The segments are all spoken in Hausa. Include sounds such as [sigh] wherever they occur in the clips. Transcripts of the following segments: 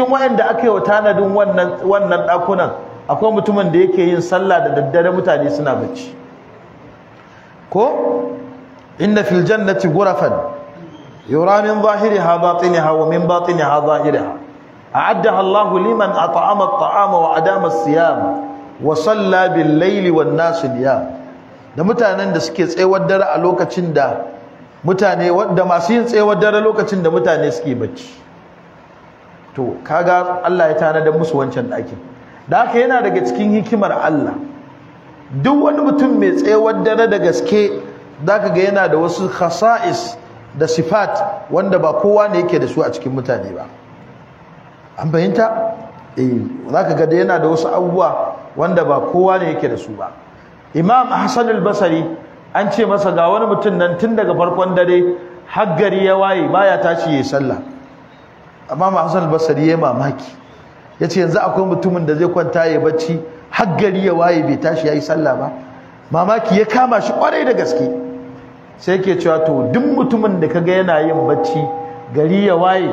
cikin wayanda aka yi wa tanadin wannan wannan dakunan akwai mutumin da yake yin sallah da daddare mutane suna bacci ko inna fil jannati ghurafan yura min zahiriha batiniha wa min batiniha zahiriha a'addaha Allahu liman at'ama at-ta'ama wa adama as-siyam wa salla bil layli wan nas niyam da mutanen da suke tsayawar dare a lokacin da mutane da masu yin tsayawar dare lokacin da mutane suke bacci to kaga Allah ya da musu wancan ɗakin da haka yana daga cikin hikimar Allah duk wani mutum mai tsayawar dare da gaske zaka ga yana da wasu khasa'is da sifat wanda ba kowa ne yake da su a cikin mutane ba an fahimta eh zaka ga yana da wasu abubuwa wanda ba kowa ne yake da su ba imam Hassan al-basri an ce masa ga wani mutum nan tun daga farkon dare har gari ya waye baya tashi yayi sallah amma ma Hassan al-Basri yayi mamaki yace yanzu akwai mutumin da zai kwanta ya bacci har gari ya waye bai tashi yayi sallah ba mamaki ya kama shi kwarai da gaske sai yake cewa to duk mutumin da kaga yana yin bacci gari ya waye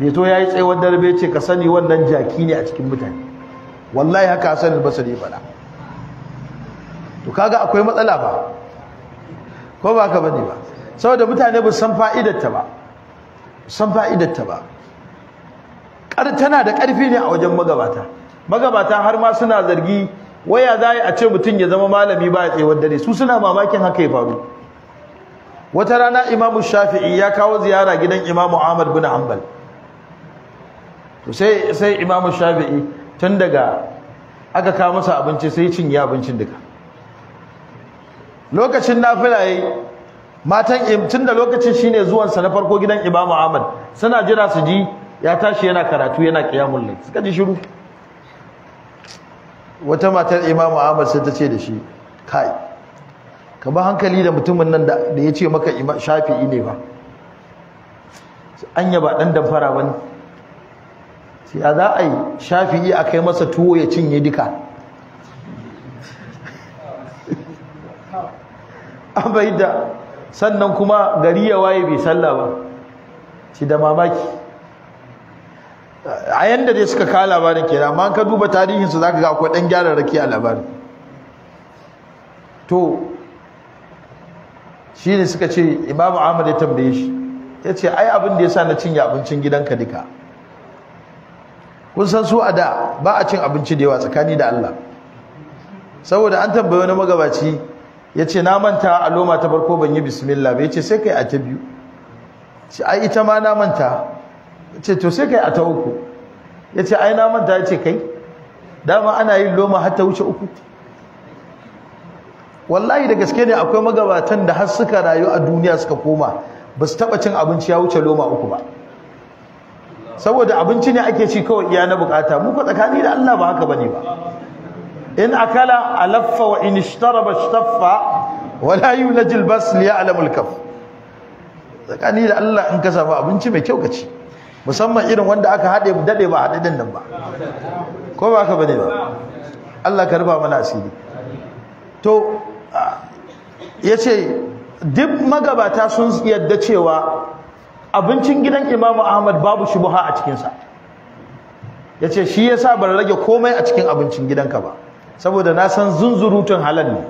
bai to yayi tsayawar dare bai ce ka sani wannan jaki ne a cikin mutane wallahi haka Hassan al-Basri ya faɗa to kaga akwai matsala ba ko ba ka bane ba saboda mutane ba san ta ba san fa'idarta ba kar tana da ƙarfi ne a wajen magabata magabata har ma suna zargi waya za a ce mutum ya zama malami ba a tsewar dare su suna mamakin haka ya faru wata rana imamu shafi'i ya kawo ziyara gidan imamu ahmad bin hanbal to sai sai imamu shafi'i tun daga aka kawo masa abinci sai cinye abincin duka lokacin nafila yayi matan tun da lokacin shine zuwansa na farko gidan imamu ahmad suna jira su ji ya tashi yana karatu yana qiyamul layl suka ji shiru wata matar imamu ahmad sai ta ce da shi kai ka ba hankali da mutumin nan da ya ce maka shafi'i ne ba anya ba dan damfara bane sai ya za a yi shafi'i a kai masa tuwo ya cinye duka [laughs] an bai da sannan kuma gari ya waye bai sallah ba shi da mamaki a yanda dai suka kawo labarin kenan amma ka duba tarihin su zaka ga akwai dan gyara rake a labarin to shi ne suka ce imamu Ahmad ya tambaye shi Ya ce, ai abin da ya sa na cinye abincin gidanka duka kun san su a da ba a cin abinci da yawa tsakani da Allah saboda an tambaye wani magabaci ya ce na manta a loma ta farko ban yi bismillah bai ce sai kai a ta biyu ai ita ma na manta ce to sai kai a ta uku ya ce aina manta ya ce kai dama ana yin loma har ta wuce uku wallahi da gaske ne akwai magabatan da har suka rayu a duniya suka koma ba su taɓa cin abinci ya wuce loma uku ba saboda abinci ne ake ci kawai iya na bukata mu ko tsakani da Allah ba haka bane ba in akala alaffa wa in ishtaraba ishtaffa wa la yulajil bas li ya'lamul kaf tsakani da Allah in ka samu abinci mai kyau ka ci musamman irin wanda aka haɗe daɗe ba haɗe nan ba ko ba ka bane ba Allah ka rufa mana asiri to yace duk magabata sun yadda cewa abincin gidan Imam Ahmad babu shubuha a cikinsa. ya yace shi yasa ban rage komai a cikin abincin gidanka ba saboda na san zunzurutun halal ne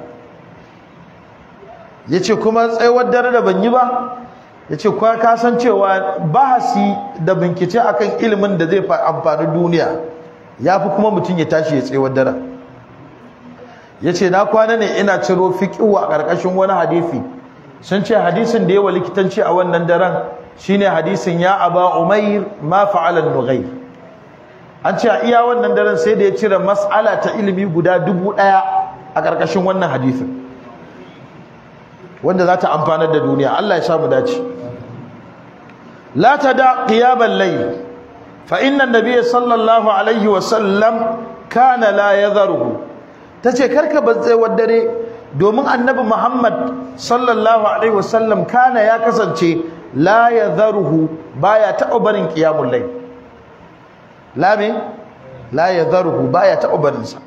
yace kuma tsayawar dare da ban yi ba ya ce kwa kasan cewa bahasi da bincike akan ilimin da zai amfani duniya ya fi kuma mutum ya tashi ya tsewar dara ya ce na kwana ne ina ciro fikiwa a ƙarƙashin wani hadifi sun ce hadisin da ya yawa likitanci a wannan daren shine hadisin ya aba umair ma fa'alan nugai an ce a iya wannan daren sai da ya cire mas'ala ta ilimi guda dubu ɗaya a ƙarƙashin wannan hadisin wanda za ta amfanar da duniya Allah ya mu dace لا تدع قيام الليل فإن النبي صلى الله عليه وسلم كان لا يذره تجي كركب والدري domin annabi Muhammad sallallahu alaihi wasallam kana ya kasance la baya taɓa barin qiyamul layl la baya taɓa sa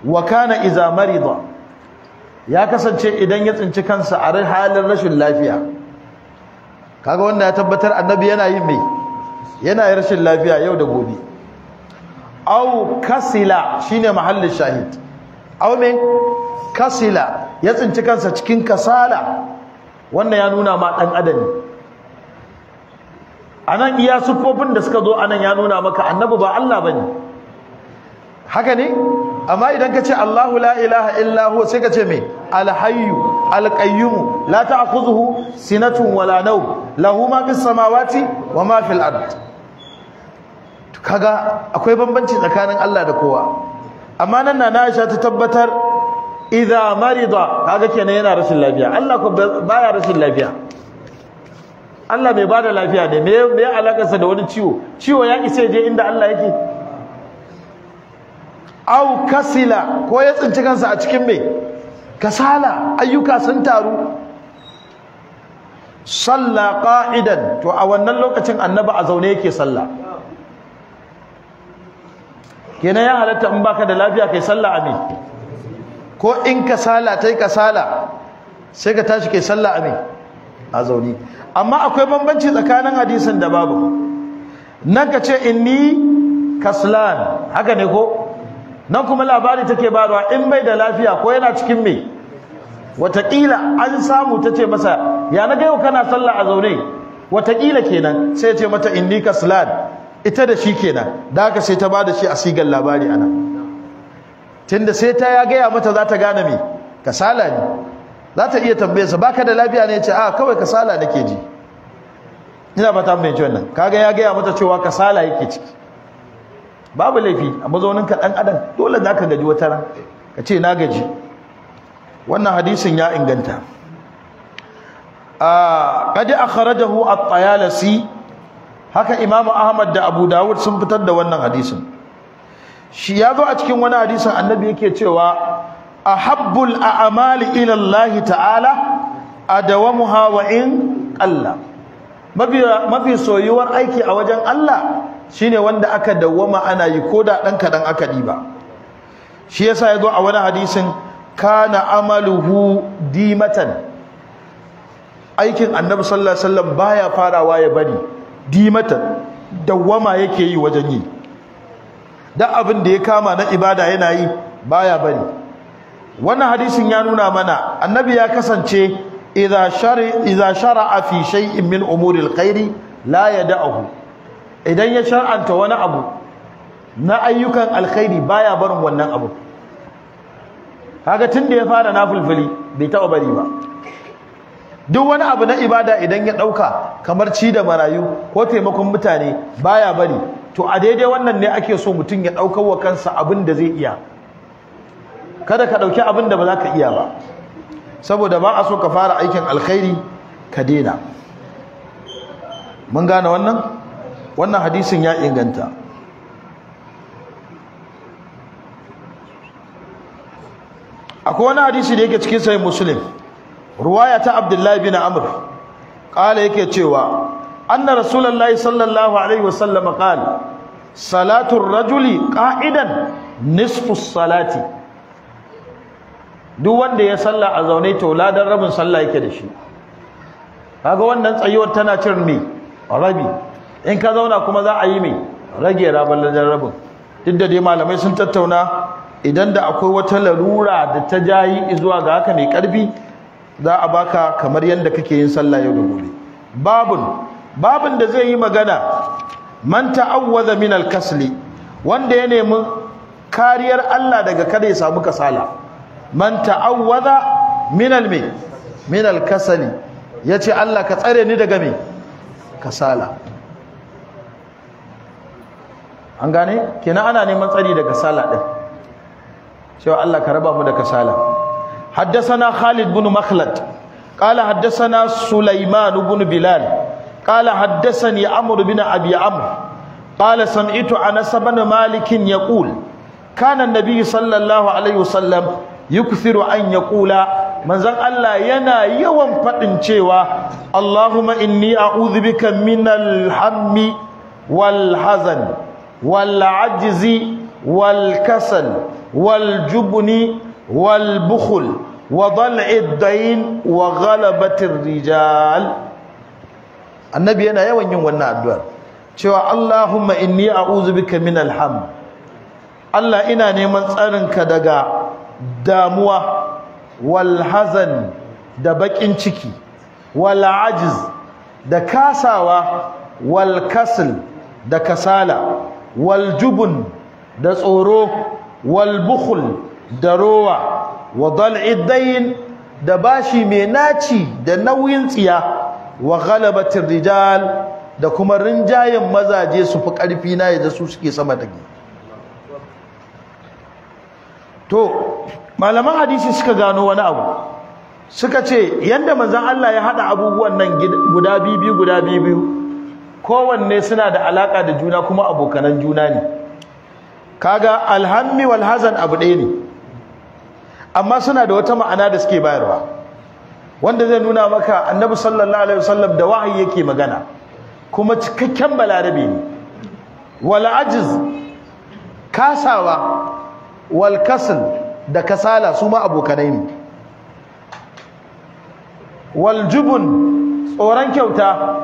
wa kana idza marida ya kasance idan ya tsinci kansa a halin rashin lafiya kaga wanda ya tabbatar annabi yana yin mai yana yi rashin lafiya yau da gobe au kasila shine mahallin shahid au me kasila ya tsinci kansa cikin kasala wannan ya nuna ma dan adam anan iya sufofin da suka zo anan ya nuna maka annabi ba Allah bane haka ne amma idan ka ce Allahu la ilaha illa huwa sai ka ce me alhayyu Alƙayyumu, la akuzuhu sinatun walanau nawm lahu ma fis samawati wa ma ard kaga akwai bambanci tsakanin Allah da kowa amma nan na Aisha ta tabbatar idha marida kaga kenan yana rashin lafiya Allah ko baya rashin lafiya Allah mai bada lafiya ne me me alakarsa da wani ciwo ciwo ya isa je inda Allah yake au kasila ko ya tsinci kansa a cikin mai kasala ayyuka sun taru salla ƙa'idan to a wannan lokacin annabi a zaune yake salla kenan ya halatta in baka da lafiya kai salla amin ko in kasala tai kasala sai ka tashi kai salla amin a zaune amma akwai bambanci tsakanin hadisin da babu nan ka ce inni kaslan haka ne ko nan kuma labari take barwa in bai da lafiya ko yana cikin me wataƙila an samu ta ce masa ya na gaiwa kana sallah a zaune wataƙila kenan sai ce mata inni slad ita da shi kenan da haka sai ta ba da shi a sigar labari ana tunda sai ta ya gaya mata za ta gane me kasala ne za ta iya tambayarsa baka da lafiya ne ya ce a ah, kawai kasala nake ji ina fata mai ji wannan kaga ya gaya mata cewa kasala yake ciki babu laifi a mazaunin ka dan adam dole zaka gaji wata ran ka ce na gaji wannan hadisin ya inganta a ah, qad akhrajahu at-tayalisi haka imamu ahmad da abu dawud sun fitar da wannan hadisin shi ya zo a cikin wani hadisin annabi yake cewa ahabbul a'mali ilallahi ta'ala a dawa muhawain qalla mafi soyuwar aiki a wajen Allah shine wanda aka dawwama ana yi ko da ɗan kaɗan aka diba shi yasa ya zo a wani hadisin kana amaluhu dimatan aikin annabi sallallahu alaihi wasallam baya farawa ya bari dimatan dawwama yake yi wajen yi Dan abin da ya kama na ibada yana yi baya bari Wani hadisin ya nuna mana annabi ya kasance idza shara idza shara'a fi shay'in min umuril khairi la yada'uhu idan ya shar'anta wani abu na ayyukan alkhairi baya barin wannan abu kaga tunda ya fara nafulfuli bai taba bari ba duk wani abu na ibada idan ya dauka kamar ci da marayu ko taimakon mutane baya bari to a daidai wannan ne ake so mutum ya daukar wa kansa abin da zai iya kada ka dauki abin da ba za ka iya ba saboda ba a so ka fara aikin alkhairi ka daina mun gane wannan wannan hadisin ya inganta akwai wani hadisi da yake cikin sai muslim ruwaya ta abdullahi bin amr kala yake cewa anna rasulullahi sallallahu alaihi wasallam kala Salatun rajuli ka'idan nisfu salati duk wanda ya salla a zaune to ladan rabin salla yake da shi kaga wannan tsayuwar tana cin ne rabi in ka zauna kuma za a yi mai rage rabin rabin duk da dai malamai sun tattauna idan da akwai wata larura da ta jayi zuwa ga haka mai karfi za a baka kamar yadda kake yin sallah yau da gobe babun babun da zai yi magana man ta'awwadha min al-kasli wanda ya nemi kariyar Allah daga kada ya samu kasala man ta'awwadha min al mai min al-kasali yace Allah ka tsare ni daga mai kasala an gane Kina ana neman tsari daga sala din cewa Allah ka raba mu da kasala haddathana Khalid bin Makhlad qala haddathana Sulaiman bin Bilal qala haddathani Amr bin Abi Amr qala sami'tu Anas bin Malik yaqul kana an-nabiy sallallahu alaihi wasallam yukthiru an yaqula manzon Allah yana yawan fadin cewa Allahumma inni a'udhu bika minal hammi wal hazan والعجز والكسل والجبن والبخل وضلع الدين وغلبة الرجال النبي أنا يوم يوم النادوان شو اللهم إني أعوذ بك من الحم الله إنا نيمان سألنك دقا داموة والحزن دبك انشكي والعجز دكاساوة والكسل دكسالة Waljubun da tsoro wal da rowa wa dal'id da bashi mai naci da nauyin tsiya wa ghalabatir rijal da kuma rinjayen mazaje su fi ƙarfi na yadda su suke sama da to malaman hadisi suka gano wani abu suka ce yadda mazan Allah ya haɗa abubuwan nan guda biyu guda biyu kowanne suna da alaka da juna kuma abokanan juna ne kaga alhammi walhazan abu ɗaya ne amma suna da wata ma'ana da suke bayarwa wanda zai nuna maka annabi sallallahu alaihi wasallam da wahayi yake magana kuma cikakken balarabe ne wal ajiz kasawa wal kasl da kasala su ma abokanai ne wal jubun tsoron kyauta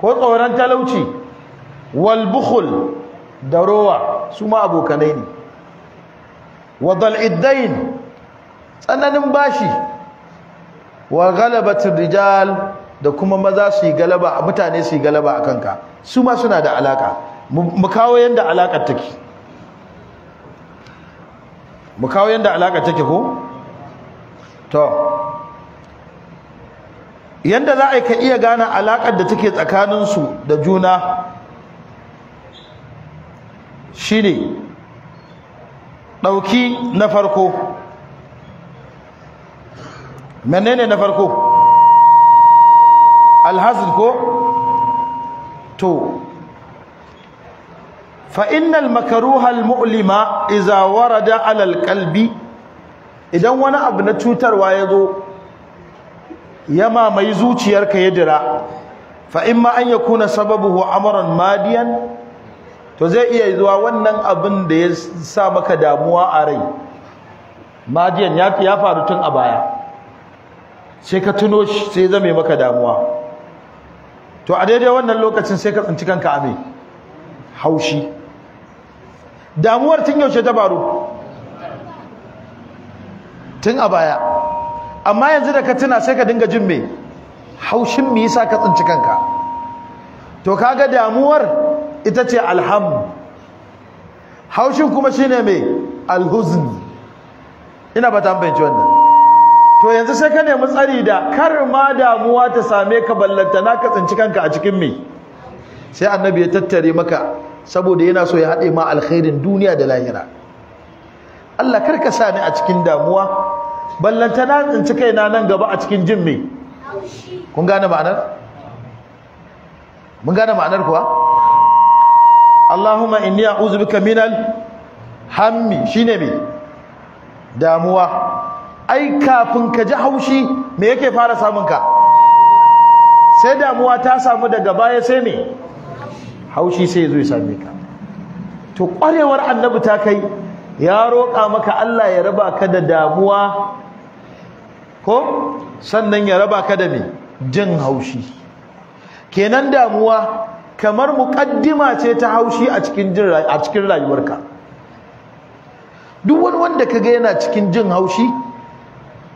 ko tsoron talauci wal bukhul da rowa su ma abokanai ne wa dal'iddain tsananin bashi wa galabatin rijal da kuma maza su yi galaba mutane su yi galaba a kanka su ma suna da alaka mu kawo yadda alakar take mu kawo yadda alakar take ko to yadda za a yi ka iya gane alaƙar da take tsakaninsu da juna shi ne ɗauki na farko menene na farko alhazin ko to fa'innal makaruhal mu'lima iza warada alal idan wani abu na cutarwa ya zo ya mai zuciyarka ya dira fa in ma an yakuna sababuhu amran madiyan to zai iya zuwa wannan abin da ya sa maka damuwa a rai madiyan ya faru tun a baya sai ka tuno shi sai zame maka damuwa to a daidai wannan lokacin sai ka tsinci kanka ame haushi damuwar tun yaushe ta faru tun a baya amma yanzu da ka tuna sai ka dinga jin me haushin me yasa ka tsinci kanka to kaga damuwar ita ce alham haushin kuma shine me alhuzn ina ba ta ambaci wannan to yanzu sai ka nemi tsari da kar ma damuwa ta same ka ballanta na ka tsinci kanka a cikin me sai annabi ya tattare maka saboda yana so ya haɗe ma alkhairin duniya da lahira Allah kar ka sa ni a cikin damuwa ballanta na tsinci kaina nan gaba a cikin jin me kun gane ma'anar mun gane ma'anar kuwa Allahumma inni a'udhu bika minal hammi shine me damuwa ai kafin ka ji haushi me yake fara samun ka sai damuwa ta samu daga baya sai me haushi sai zo ya same ka to kwarewar annabi ta kai ya roƙa maka Allah ya raba ka da damuwa ko sannan ya raba ka da me jin haushi kenan damuwa kamar muqaddima ce ta haushi a cikin jin a cikin rayuwarka duk wani wanda kaga yana cikin jin haushi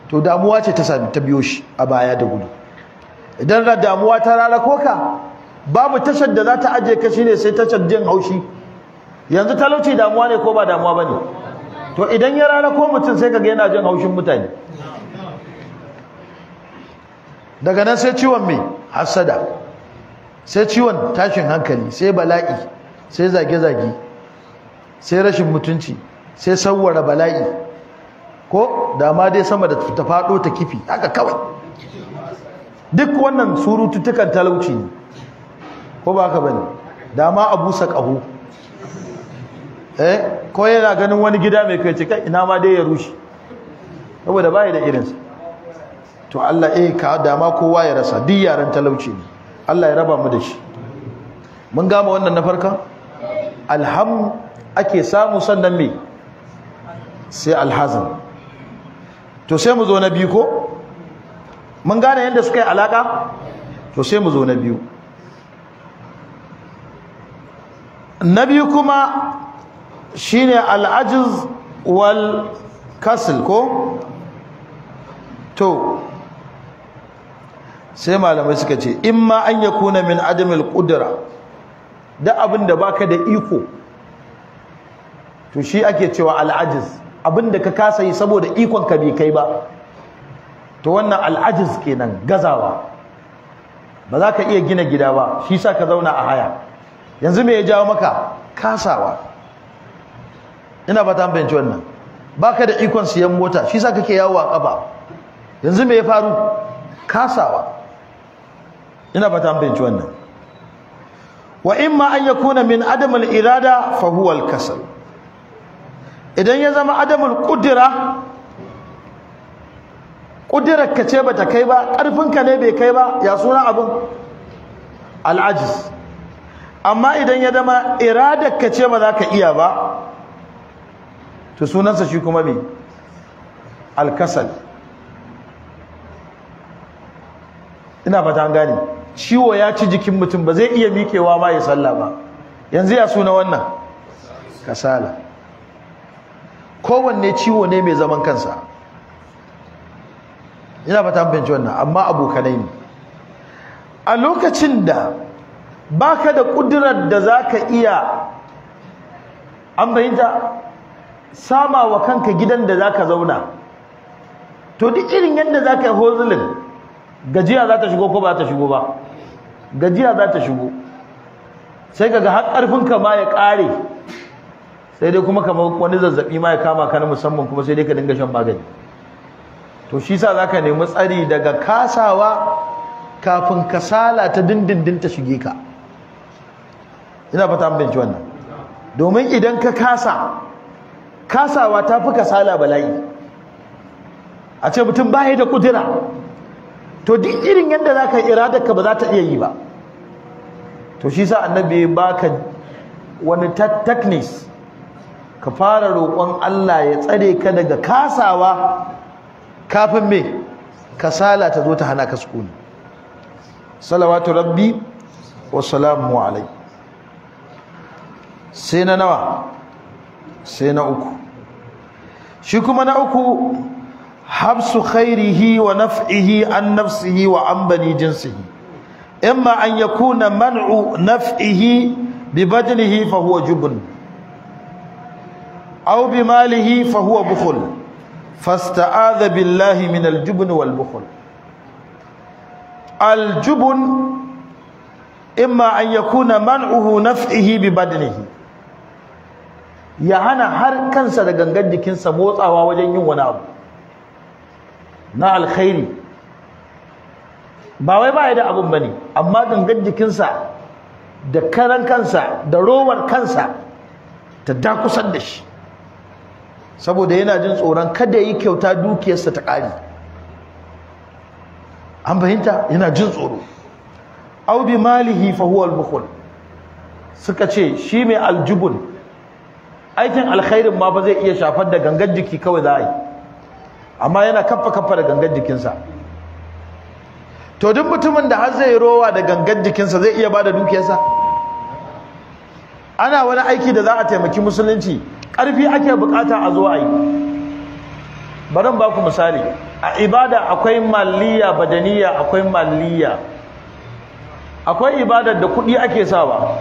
to damuwa ce ta sami ta biyo shi a baya da gudu idan ra damuwa ta rarako ka babu tashar da za ta aje ka shine sai tashar jin haushi yanzu talauci damuwa ne ko ba damuwa bane to idan ya rarako mutum sai kaga yana jin haushin mutane daga nan sai ciwon mai hasada sai ciwon tashin hankali sai bala'i sai zage-zage sai rashin mutunci sai sauwara bala'i ko dama dai sama da ta faɗo ta kifi haka kawai duk wannan surututtukan talauci ne ko ba ka bane dama a busa ƙaho eh, ko yana ganin wani gida mai kai ce kai ina ma dai ya rushe saboda bai da irinsa to Allah eh ka dama kowa ya rasa duk yaran talauci ne Allah ya raba mu da shi mun gama wannan na farka alham ake samu sannan me sai alhazan to sai mu zo na biyu ko mun gane yadda suka yi alaka to sai mu zo na biyu na biyu kuma shine al'ajiz wal kasl ko to sai malamai suka ce in ma an ya kuna min adamil kudura da abin da baka da iko to shi ake cewa al'ajiz abin da ka kasa yi saboda ikon ka bai kai ba to wannan al'ajiz kenan gazawa ba za ka iya gina gida ba shi sa ka zauna a haya yanzu me ya jawo maka kasawa ina ba ta fahimci wannan baka da ikon siyan mota shi sa kake yawo a kafa yanzu me ya faru kasawa ina fata an binci wannan wa imma an yakuna min adamul irada fa huwa al-kasal idan ya zama adamul qudra kudirar ka ce bata kai ba karfinka ne bai kai ba ya suna abun al-ajiz amma idan ya zama iradar ka ce ba za ka iya ba to sunansa shi kuma me al-kasal ina fata an gane ciwo ya ci jikin mutum ba zai iya miƙewa ma ya sallah ba yanzu ya suna wannan kasala kowanne ciwo ne mai zaman kansa ina fata fahimci wannan amma abokanai ne a lokacin da ba ka da ƙudurar da za ka iya an bayyanta sama wa kanka gidan da za ka zauna to duk irin yadda za ka yi hozulin gajiya za ta shigo ko ba ta shigo ba gajiya za ta shigo sai kaga har ƙarfinka ma ya kare sai dai kuma kamar wani zazzabi ma ya kama ka na musamman kuma sai dai ka dinga shan magani to shi sa zaka nemi tsari daga kasawa kafin kasala ta dindindin ta shige ka ina fata mun binci wannan domin idan ka kasa kasawa ta fi kasala bala'i a ce mutum baya da kudura to duk irin yadda za ka iradarka ba za ta iya yi ba to shi sa annabi ba ka wani techniques ka fara roƙon Allah ya tsare ka daga kasawa kafin me kasala ta zo ta hana ka sukuni salawatu rabbi wa salamu alai sai na nawa sai na uku shi kuma na uku habsu khairihi wa naf'ihi an nafsihi wa an bani jinsihi imma an yakuna man'u naf'ihi bi badnihi fa huwa jubn aw bi malihi fa huwa bukhul fasta'adha billahi min al wal bukhul al-jubn imma an yakuna man'uhu naf'ihi ya hana har kansa da gangan jikinsa motsawa wajen yin wani abu na alkhairi ba wai ba ya da abun bane amma gangan jikinsa da karan kansa da rowar kansa ta da dakusar da shi saboda yana jin tsoron kada yi kyauta dukiyarsa ta ƙari an fahimta yana jin tsoro audi malihi fahuwar bukul suka ce shi mai aljubun aikin alkhairin ma ba zai iya shafar da gangan jiki kawai za a yi amma yana kafa kafa da gangan jikinsa to duk mutumin da har zai yi rowa da gangan jikinsa zai iya bada dukiyarsa ana wani aiki da za a taimaki musulunci karfi ake bukata a zuwa yi barin ba ku misali a ibada akwai maliya badaniya akwai maliya akwai ibadar da kuɗi ake sawa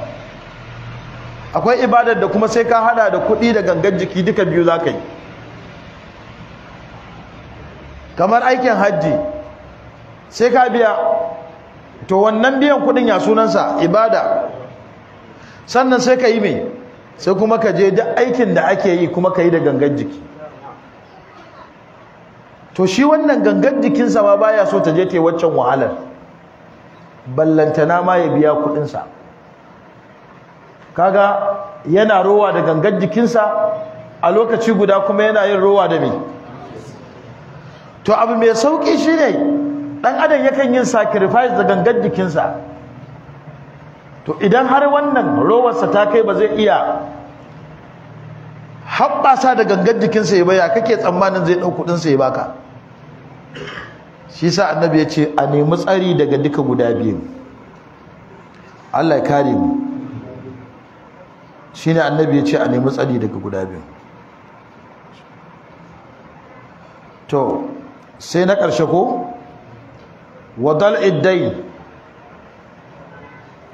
akwai ibadar da kuma sai ka hada da kuɗi da gangan jiki duka biyu za ka yi kamar aikin hajji sai ka biya to wannan biyan kudin ya sunansa ibada sannan sai ka yi mai sai kuma ka je duk aikin da ake yi kuma ka yi da gangan jiki to shi wannan gangan jikinsa ma baya so ta je ta yi waccan wahalar ballantana ma ya biya kudinsa kaga yana rowa da gangan jikinsa a lokaci guda kuma yana yin rowa da mai to abu mai sauki shine dan adam yakan yin sacrifice da gangan jikinsa to idan har wannan rowarsa ta kai ba zai iya haɓasa da gangan jikinsa ya baya kake tsammanin zai ɗau kuɗinsa ya baka shi sa annabi ya ce a nemi tsari daga duka guda biyu Allah ya kare mu shi ne annabi ya ce a nemi tsari daga guda biyu to sai na ƙarshe ko wadal iddai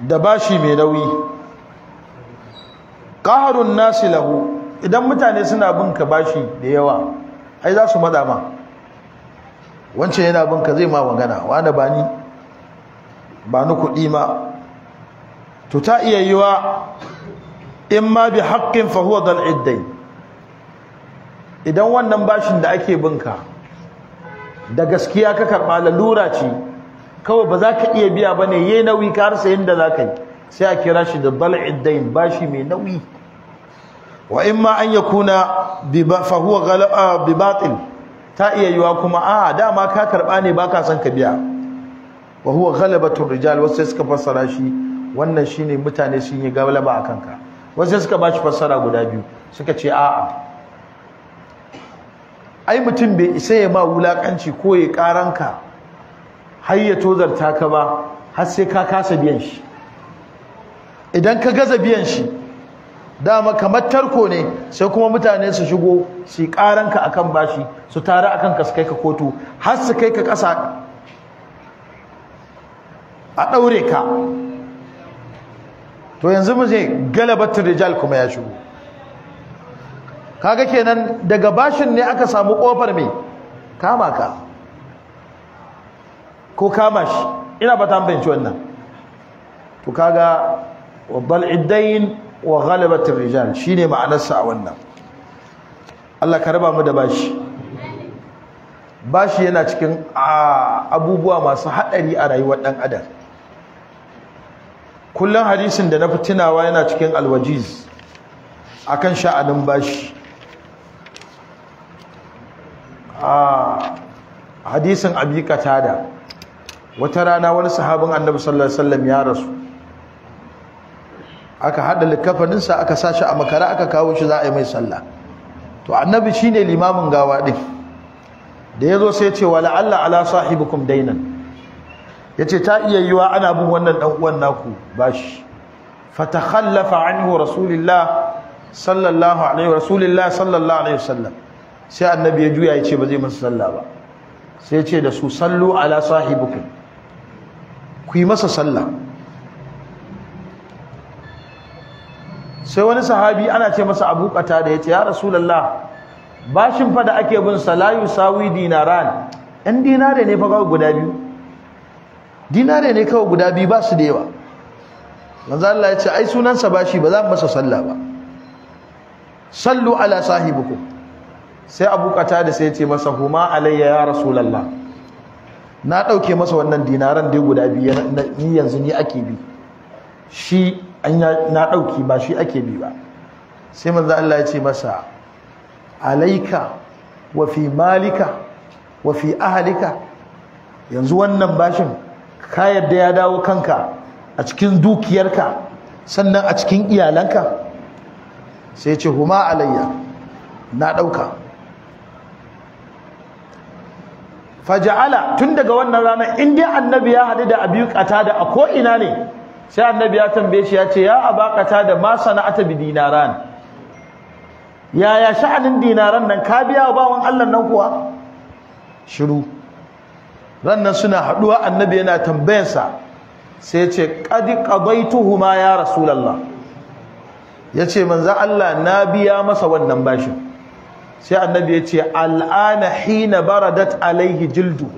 da bashi mai nauyi ƙaharun nasi lahu idan mutane suna bin ka bashi da yawa ai za su maɗa ma wancan yana bin ka zai ma magana wani ba ni ba ni kuɗi ma to ta iya yiwa in ma bi haƙƙin fahuwa dal iddai idan wannan bashin da ake bin ka da gaskiya ka karɓa lalura ce kawai ba za ka iya biya ba ne ya nauyi ka harsa yadda za ka yi sai a kira shi da bal'id ba bashi mai nauyi wa in ma an yi kuna fahuwa huwa bi ta iya yiwa kuma a dama ka karɓa ne ba ka son ka biya wa huwa Tun rijal wasu suka fassara shi wannan shine mutane sun yi galaba a ka wasu suka bashi fassara guda biyu suka ce a'a ai mutum bai isa ya ma wulakanci ko ya karanka har ya tozarta ka ba har sai ka kasa biyan shi idan ka gaza biyan shi dama kamar tarko ne sai kuma mutane su shigo su yi karanka akan bashi su tare akan ka su kai ka kotu har su kai ka kasa a ɗaure ka to yanzu mu je galabatin rijal kuma ya shigo kaga kenan daga bashin ne aka samu kofar mai kama ka ko kama shi ina ba tambayin ci wannan to kaga wabbal iddain wa ghalabatir rijal shine ma'anarsa a wannan Allah ka raba mu da bashi bashi yana cikin abubuwa masu haɗari a rayuwar ɗan adam kullum hadisin da na fi tunawa yana cikin alwajiz akan sha'anin bashi a hadisin abi katada wata rana wani sahabin annabi sallallahu alaihi wasallam ya rasu aka hada likafaninsa aka sashi a makara aka kawo shi za a yi mai sallah to annabi shine limamin gawa din da yazo sai ya ce wala alla ala sahibikum dainan yace ta iya yiwa ana bin wannan dan uwan naku bashi fatakhallafa anhu rasulullah sallallahu alaihi rasulullah sallallahu alaihi wasallam sai annabi ya juya ya ce ba zai masa sallah ba sai ya ce da su sallu ala sahibukum ku yi masa sallah sai wani sahabi ana ce masa abu kata da ya ce ya rasulallah bashin fa da ake bin salayu sawi dinaran yan dinare ne fa kawai guda biyu dinare ne kawai guda biyu ba su da yawa manzo Allah ya ce ai sunansa bashi ba za mu masa sallah ba sallu ala sahibukum sai abu da sai ce masa huma alayya ya rasulallah na ɗauke masa wannan dinaran dai guda biyu ni yanzu ni ake bi shi na ɗauki ba shi ake bi ba sai manzo Allah ya ce masa alaika wa fi malika wa fi ahlika yanzu wannan bashin ka yadda ya dawo kanka a cikin dukiyarka sannan a cikin iyalanka sai ce huma alayya na ɗauka faja'ala tun daga wannan rana in dai annabi ya hadu da ƙata da a ko ina ne sai annabi ya tambaye shi ya ce ya aba da ma sana'ata bi dinaran yaya sha'anin dinaran nan ka biya wa bawan Allah nan kuwa shiru rannan suna haɗuwa annabi yana tambayarsa sai ya ce qad qadaituhuma ya rasulullah ya ce manzo Allah na biya masa wannan bashin sai annabi ya ce al'ana hina baradat alaihi jildu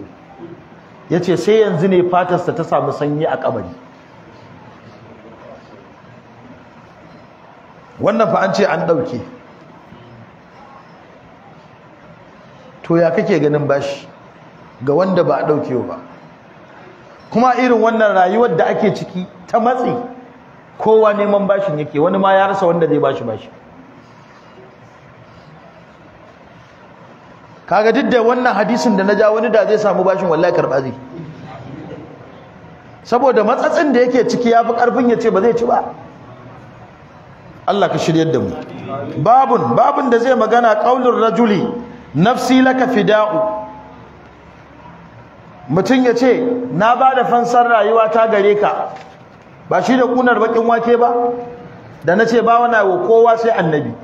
ya ce sai yanzu ne fatarsa ta samu sanyi a kamari wannan fa’an ce an ɗauke to ya kake ganin bashi ga wanda ba a ɗauke ba kuma irin wannan rayuwar da ake ciki ta matsi kowa neman bashin yake wani ma ya rasa wanda zai bashi bashi kaga duk da wannan hadisin da na ja wani da zai samu bashin wallahi karba zai saboda matsatsin da yake ciki ya fi karfin ya ce ba zai ci ba Allah ka shiryar da mu babun babun da zai magana qaulur rajuli nafsi laka fida'u mutum ya ce na ba da fansar rayuwa ta gare ka ba shi da kunar bakin wake ba da na ce ba wana wa kowa sai annabi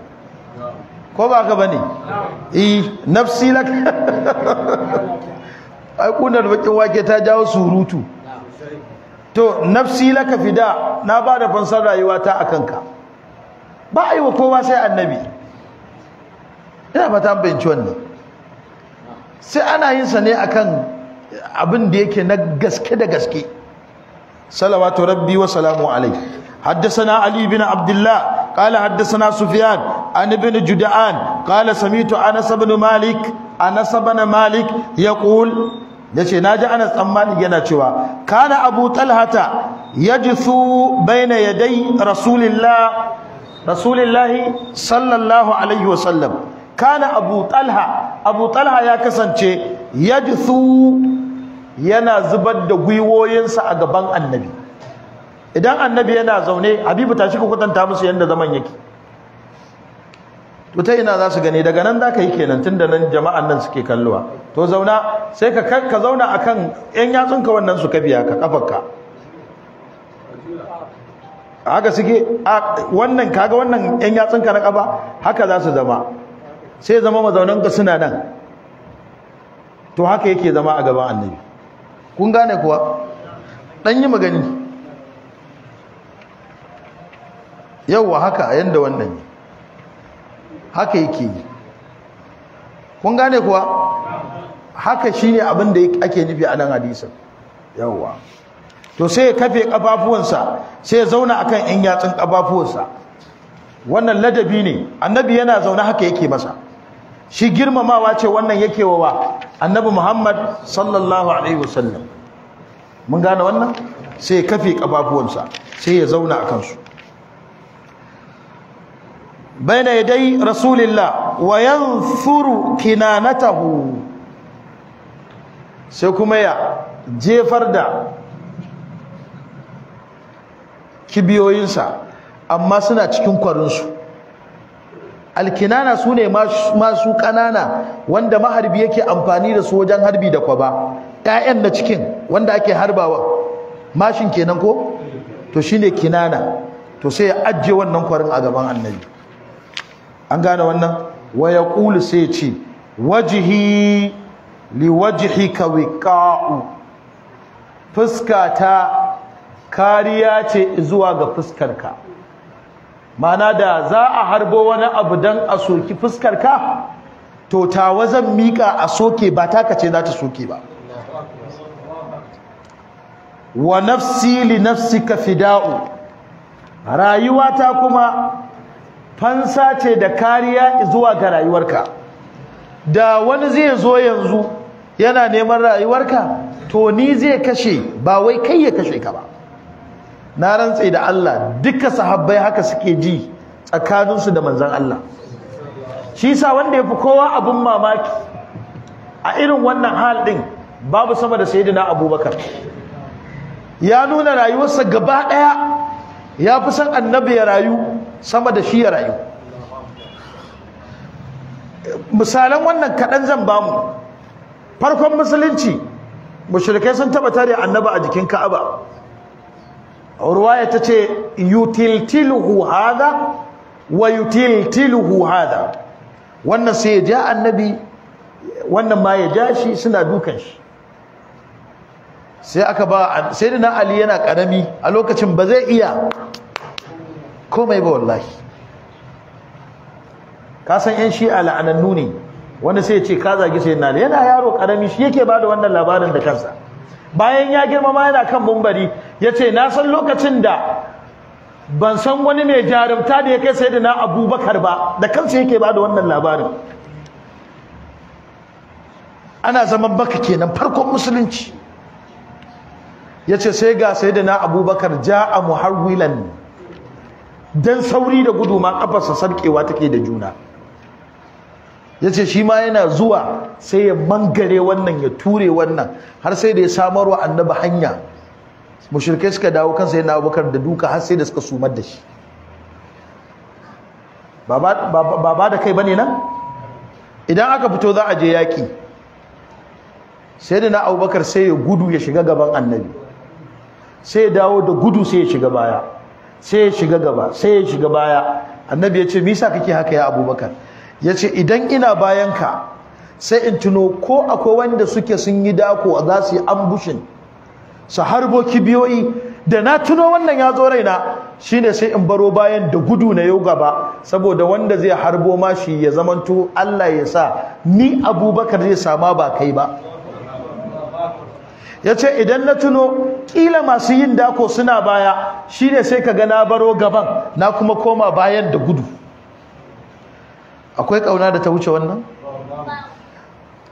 ko ba ka bane eh nafsi lak [laughs] ai kunar bakin wake ta jawo surutu to nafsi laka fida na ba da fansar rayuwa ta akanka ba a yi wa kowa sai annabi ina fata binci wannan sai ana yin sa ne akan abin da yake na gaske da gaske salawatu rabbi wa salamu alaihi حدثنا علي بن عبد الله قال حدثنا سفيان عن ابن جدعان قال سميت أنس بن مالك أنس بن مالك يقول yace naji Anas dan Malik yana cewa kana Abu Talhata yajthu baina yaday Rasulillah Rasulillah sallallahu alaihi wasallam kana Abu Talha Abu Talha ya kasance yajthu yana zubar da gwiwoyinsa a gaban Annabi idan Annabi yana zaune Habibu tashi ku kwatanta musu yanda zaman yake to ta ina za su gani daga nan za ka yi kenan tun da nan jama'an nan suke kalluwa, to zauna sai ka ka zauna kan yan yatsunka wannan su ka biya ka kafarka haka suke wannan kaga wannan yan yatsunka na kafa haka za su zama sai zama ka suna nan to haka yake zama a gaban annabi kun gane kuwa dan yi magani yauwa haka yanda wannan ne haka yake yi kun gane kuwa haka shine abin da ake nufi a nan hadisin yawwa to sai ya kafe kafafuwansa sai ya zauna akan in yatsun kafafuwansa wannan ladabi ne annabi yana zaune haka yake masa shi girmamawa ce wannan yake wa annabi Muhammad sallallahu alaihi wasallam mun gane wannan sai ya kafe kafafuwansa sai ya zauna a kansu. baina yadai rasulillah wa yanthuru kinanatahu sai kuma ya jefar da kibiyoyinsa amma suna cikin kwarinsu alkinana su ne masu ƙanana wanda maharbi yake amfani da su wajen harbi da kwaba ƴaƴan na cikin wanda ake harbawa mashin kenan ko to shine kinana to sai ya ajiye wannan kwarin a gaban annabi an gane wannan wa kuli sai ce wajihi li wajihi ka wika'u fuska fuskata kariya ce zuwa ga fuskarka mana da za a harbo wani abu dan a soki fuskarka to tawa zan mika a soke ba taka ce za ta soke ba wa nafsi li nafsi ka fida'u rayuwata kuma fansa ce da kariya zuwa ga rayuwarka da wani zai zo yanzu yana neman rayuwarka to ni zai kashe ba wai kai ya kashe ka ba na rantse da Allah duka sahabbai haka suke ji tsakaninsu da manzon Allah shi sa wanda ya fi kowa abin mamaki a irin wannan hal din babu sama da sayyidina abubakar ya nuna rayuwarsa gaba daya ya fi san annabi ya rayu sama da shi ya rayu misalan wannan kaɗan zan bamu farkon musulunci mushrikai sun taba tare annaba a jikin ka'aba ruwaya ta ce yutiltiluhu hadha wa yutiltiluhu hadha wannan sai ya ja annabi wannan ma ya ja shi suna dukan shi sai aka ba sai ali yana karami a lokacin ba zai iya komai ba wallahi ka san yan shi'a la'anannu ne wani sai ya ce ka zagi sai na yana yaro karami shi yake ba da wannan labarin da kansa bayan ya girma ma yana kan bambari. ya ce na san lokacin da ban san wani mai jarumta da ya kai sai da na abubakar ba da kansa yake ba da wannan labarin ana zaman baka kenan farkon musulunci ya ce sai ga sai da na abubakar ja a muharwilan dan sauri da gudu ma kafarsa sarkewa take da juna yace shi ma yana zuwa sai ya mangare wannan ya ture wannan har sai da ya samarwa annabi hanya mushrikai suka dawo kansa yana Abubakar da duka har sai da suka sumar da shi ba da kai bane nan idan aka fito za a je yaki sai da na abubakar sai ya gudu ya shiga gaban annabi sai ya dawo da gudu sai ya shiga baya sai ya shiga gaba sai ya shiga baya annabi ya ce misa kake haka ya abubakar ya ce idan ina bayan ka sai in tuno ko akwai wanda suke sun yi dako za su yi ambushin su harbo kibiyoyi da na tuno wannan ya zo raina shine sai in baro bayan da gudu na yau gaba saboda wanda zai harbo mashi ya zamanto Allah ya sa ni abubakar zai sama ba kai ba ya ce idan na tuno ƙila masu yin dako suna baya shi ne sai ka ga na baro gaban na kuma koma bayan da gudu akwai ƙauna da ta wuce wannan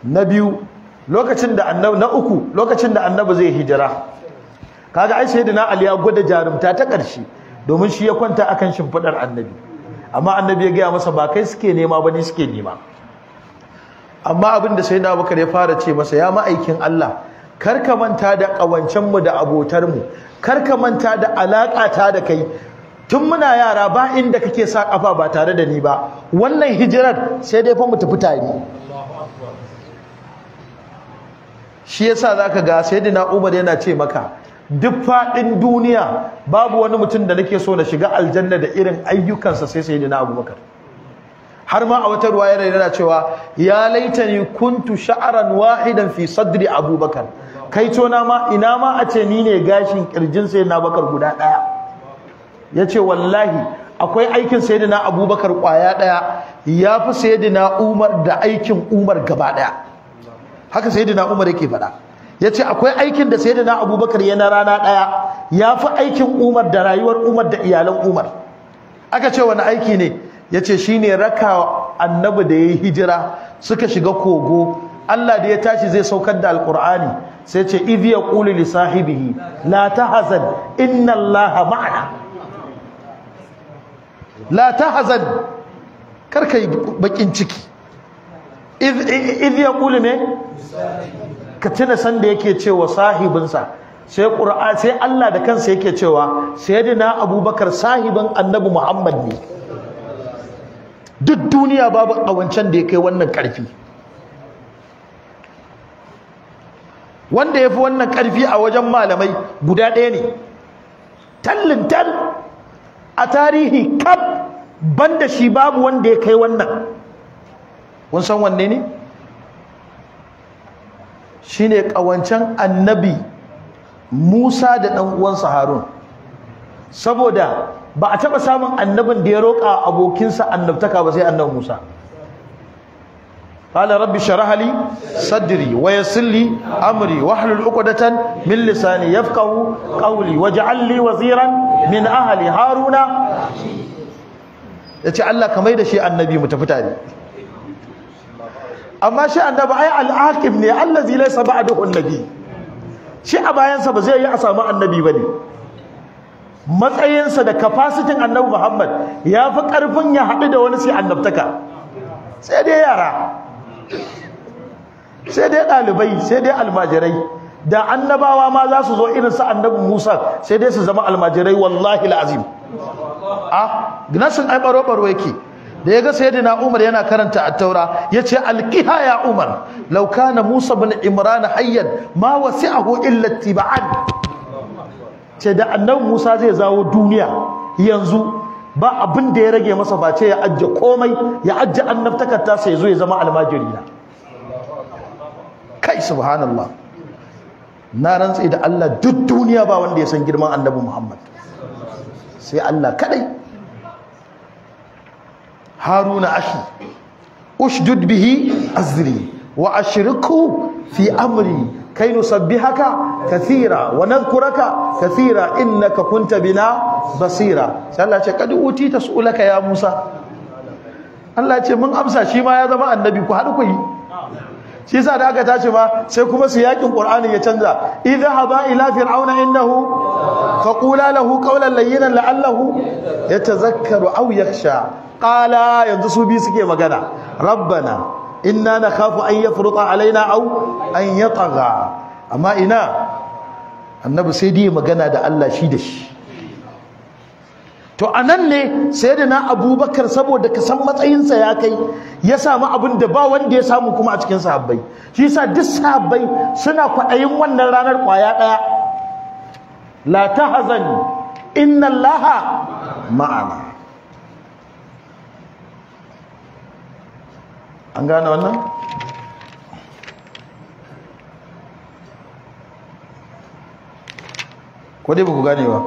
na biyu lokacin da annabu na uku lokacin da annabi zai hijira kaga ai sai da na ali gwada jarumta ta ƙarshe domin shi ya kwanta a kan shimfiɗar annabi amma annabi ya gaya masa ba kai suke nema ba ne suke nema amma abin da sai na bakar ya fara ce masa ya ma'aikin Allah kar ka manta da ƙawancenmu da abotarmu kar ka manta da alaƙa ta da kai tun muna yara ba inda kake sa ƙafa ba tare da ni ba wannan hijirar sai dai fa mu tafi tare shi yasa zaka ga sayyidina Umar yana ce maka duk faɗin duniya babu wani mutum da nake so na shiga aljanna da irin ayyukansa sai sayyidina Abubakar har ma a wata ruwa yana cewa ya laitani kuntu sha'aran wahidan fi sadri abubakar kai na ma ina ma a ce ni ne gashin kirjin na bakar guda daya yace wallahi akwai aikin sayyidina abubakar kwaya daya fi sayyidina umar da aikin umar gaba daya haka sayyidina umar yake faɗa yace akwai aikin da sayyidina abubakar ya na rana daya fi aikin umar da rayuwar umar da iyalan umar aka ce wani aiki ne yace shine raka annabi da yi hijira suka shiga kogo Allah da ya tashi zai saukar da alkur'ani sai ce idh yaqulu li sahibihi la ta tahzan inna Allaha ma'ana la ta tahzan karka bakin ciki Izi ya ƙuli ne? ka tuna san da yake cewa sahibinsa sai qur'a sai Allah da kansa yake cewa da na Abubakar sahibin Annabi Muhammad ne duk duniya babu kawancan da ya kai wannan ƙarfi. wanda ya fi wannan ƙarfi a wajen malamai guda ɗaya ne tallin a tarihi kaf banda shi babu wanda ya kai wannan kun san wanne ne Shi ne ƙawancen annabi Musa da ɗan'uwansa Harun saboda ba a taɓa samun annabin da ya roƙa abokinsa annabtaka ba sai annabin Musa قال رب شرح لي صدري ويسر لي أمري واحلل عقدة من لساني يفقه قولي واجعل لي وزيرا من أهلي هارون yace Allah ka maida shi annabi mu tafi tare amma shi annabi ai al ne allazi laysa ba'dahu annabi shi a bayansa ba zai yi a samu annabi bane matsayinsa da capacity annabi Muhammad ya fi karfin ya haɗu da wani sai annabtaka sai dai yara sai dai ɗalibai sai dai almajirai da annabawa ma za su zo irin su annabi Musa sai dai su zama almajirai wallahi la'azim. a nasin ai baro baro yake da ya ga sayyidina Umar yana karanta a taura ce alqiha ya Umar Lauka na Musa bin Imran hayyan ma wasi'ahu illa ittiba'an ce da annabin Musa zai zawo duniya yanzu ba abin da ya rage masa ce ya ajje komai ya ajje annabtakarta ta sai zo ya zama almajiri na kai subhanallah na rantsi da Allah duk duniya ba wanda ya san girman annabi Muhammad sai Allah kadai haruna ashi ushdud bihi azri wa ashriku fi amri kai nusabbihaka kathira wa nadhkuraka kathira innaka kunta bina basira sai Allah ce kad utita su'ulaka ya Musa Allah ce mun amsa shi ma ya zama annabi ku har ku yi shi yasa da aka tashi ma sai kuma su yakin qur'ani ya canza idhhaba ila fir'auna innahu faqula lahu qawlan layyinan la'allahu yatazakkaru aw yakhsha qala yanzu su bi suke magana rabbana inna na kafu an ya alaina au an ya amma ina annabi sai dai magana da Allah shi da shi to a nan ne sai da na abubakar saboda ka san matsayinsa ya kai ya samu abin da ba wanda ya samu kuma a cikin sahabbai shi sa duk sahabbai suna kwaɗayin wannan ranar ƙwaya ɗaya la tahzan inna laha ma'ana an gane wannan ko dai ba gane ba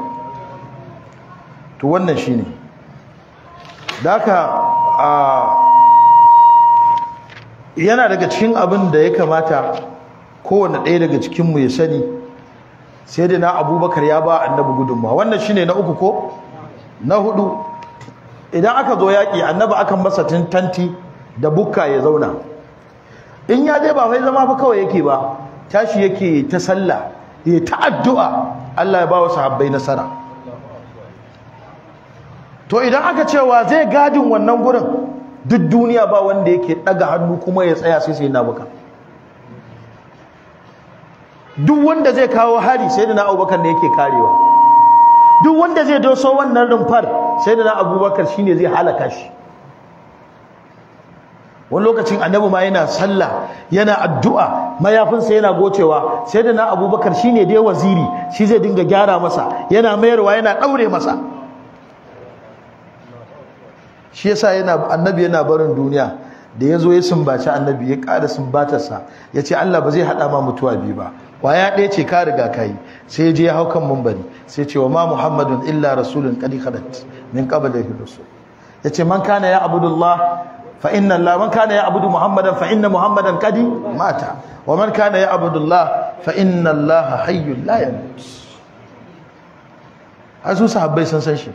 to wannan shi ne da a yana daga cikin abin da ya kamata kowane ɗaya daga cikinmu ya sani sai dai na abubakar ya ba annabi gudunmawa wannan shine na uku ko na hudu idan aka zo yaƙi annabi akan masa tanti da bukka ya zauna in ya je ba wai zama fa kawai yake ba tashi yake ta sallah ya ta addu'a Allah ya ba wa sahabbai nasara to idan aka cewa zai gadin wannan gurin duk duniya ba wanda yake daga hannu kuma ya tsaya sai sai na buka duk wanda zai kawo hari sai da na abubakar ne yake karewa duk wanda zai doso wannan rumfar sai da na abubakar shine zai halaka shi wani lokacin annabi ma yana sallah yana addu'a mayafinsa yana gocewa sai da na abubakar shi ne dai waziri shi zai dinga gyara masa yana mayarwa yana ɗaure masa shi yasa yana annabi yana barin duniya da ya zo ya sumbaci annabi ya ƙara sumbatarsa ya ce allah ba zai haɗa ma mutuwa biyu ba waya ɗaya ce ka riga ka sai ya je ya hau kan mumbari sai ce wa ma muhammadun illa rasulun ƙadi min ƙabalin rasul ya ce man kana ya abudullah fa inna Allah man kana abudu Muhammadan fa inna Muhammadan kadi mata wa man kana ya abudu Allah fa inna Allah hayyul la sahabbai sun san shi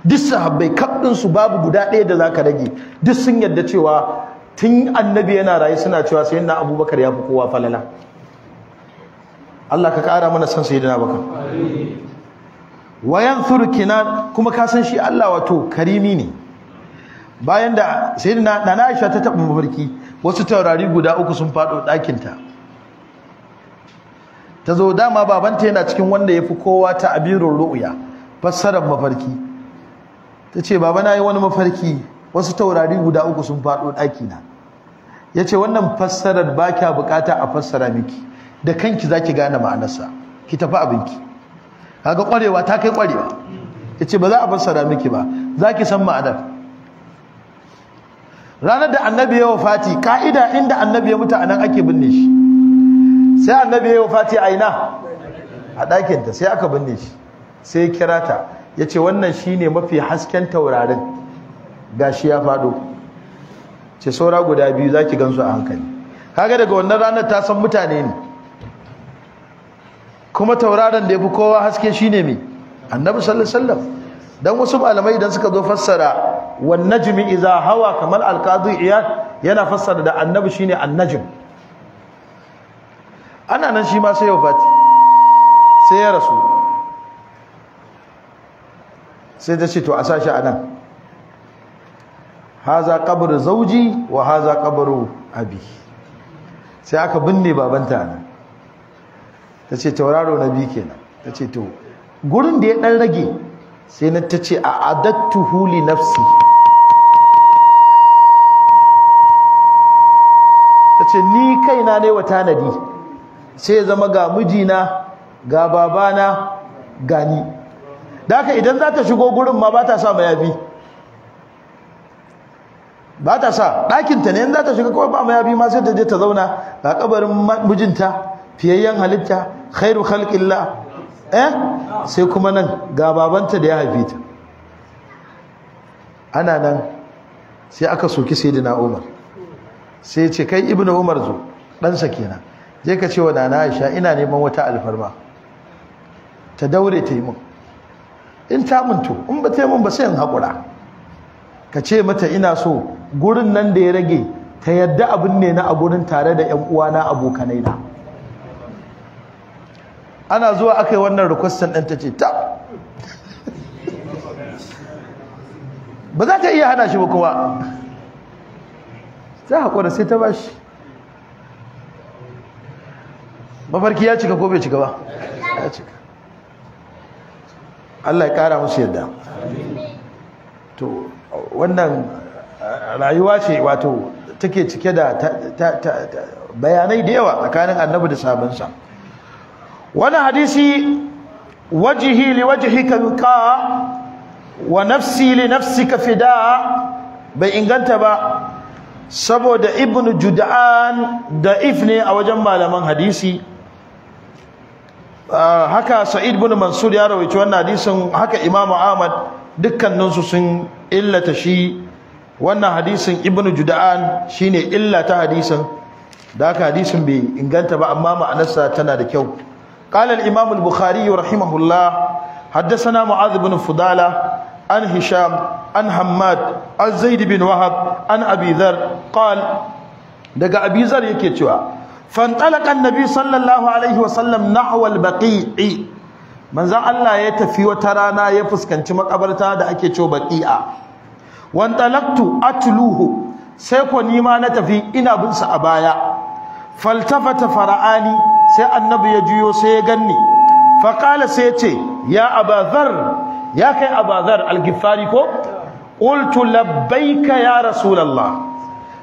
duk sahabbai kabdin su babu guda ɗaya da zaka rage duk sun yarda cewa tun annabi yana rayu suna cewa sai na Abubakar ya fi kowa falala Allah ka kara mana san sayyidina Abubakar amin wa kuma ka san shi Allah wato karimi ne bayan da sayyidina nana Aisha ta taɓa mafarki wasu taurari guda uku sun faɗo ɗakinta ta zo dama babanta yana cikin wanda ya fi kowa ta abirin ru'uya fassarar mafarki ta ce baba na yi wani mafarki wasu taurari guda uku sun faɗo ɗakina ya ce wannan fassarar ba kya bukata a fassara miki da kanki za ki gane ma'anarsa ki tafi abinki kaga ƙwarewa ta kai ƙwarewa ya ce ba za a fassara miki ba za ki san ma'anar ranar da annabi ya wafati ka'ida inda annabi ya mutu anan ake binne shi sai annabi ya wafati a ina a ɗakinta sai aka binne shi sai ya kira ta ya ce wannan shi ne mafi hasken taurarin Ga shi ya faɗo ce saura guda biyu za ki gansu a hankali kaga daga wannan ranar ta san mutane ne kuma tauraron da ya fi kowa haske shi ne mai annabi sallallahu alaihi wasallam don wasu malamai idan suka zo fassara wan najmi idza hawa kamar alqadi iyad yana fassara da annabi shine annajm ana nan shi ma sai ya fati sai ya rasu sai ta ce to a sashi anan haza qabr zauji wa haza qabru abi sai aka binne babanta nan ta ce tauraro na biyu kenan ta ce to gurin da ya dan rage sai na ta ce a adattu huli nafsi ce ni kaina ne wa tanadi sai zama ga mijina ga babana gani da haka idan za ta shigo gurin ma ba ta sa mayafi ba ta sa ɗakinta ne za ta shiga kawai ba mayafi ma sai ta je ta zauna ga kabarin mijinta fiyayyen halitta khairu khalqillah eh sai kuma nan ga babanta da ya haife ta ana nan sai aka soki sayyidina Umar sai ce kai ibnu umar zo ɗansa kenan je ka ce wa nana aisha ina neman wata alfarma ta daure ta yi mun in ta mintu in ba ta yi mun ba sai in haƙura ka ce mata ina so gurin nan da ya rage ta yadda abin ne na a gurin tare da 'yan uwana abokanai na ana zuwa aka wannan requestin ɗin ta ce ta [laughs] ba za ta iya hana shi ba kuma sai haƙura sai ta bashi mafarki ya cika ko bai cika ba ya cika Allah ya ƙara musu yadda to wannan rayuwa ce wato take cike da bayanai da yawa tsakanin annabi da sabonsa. wani hadisi wajihi li wajihi ka wa nafsi li nafsi ka fida bai inganta ba saboda Ibn juda'an da ifne a wajen malaman hadisi ah, haka sa'id ibn mansur ya rawaito wannan hadisin haka imamu ahmad dukkaninsu sun illata shi wannan hadisin Ibn juda'an shine illata hadisin da haka hadisin bai inganta ba amma ma'anarsa tana da kyau قال الإمام البخاري رحمه bukhari rahimahullah حدثنا معاذ بن فضالة عن هشام عن حماد عن زيد بن وهب عن أبي ذر قال دغا ابي yake cewa فانطلق النبي صلى الله عليه Allah ya tafi wata rana ya fuskanci makabarta da ake cewa baqi'a wantalaktu atluhu sai ko ma na tafi ina bin a baya faltafata sai annabi ya juyo sai ya ganni fa sai ya ya kai abazar al ko qultu labbaika ya rasulullah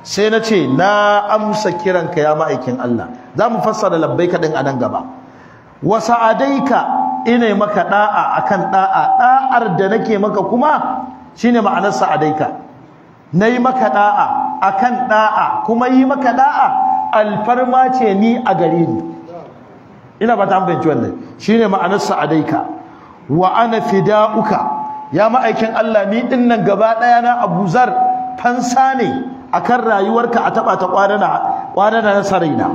sai na ce na amsa kiran ka ya ma'aikin Allah za mu fassara labbaika din a nan gaba wa sa'adaika ina maka da'a akan ɗa'a? Ɗa'ar da nake maka kuma shine ma'anar sa'adaika nayi maka da'a akan ɗa'a. kuma yi maka ɗa'a alfarma ce ni a gare ni ina ba ta amfanci wannan shine ma'anar sa'adaika wa ana fida'uka ya ma'aikin Allah ni dinnan gaba ɗaya na Abu Zar fansa ne akan rayuwarka a taba ta kwanana na saraina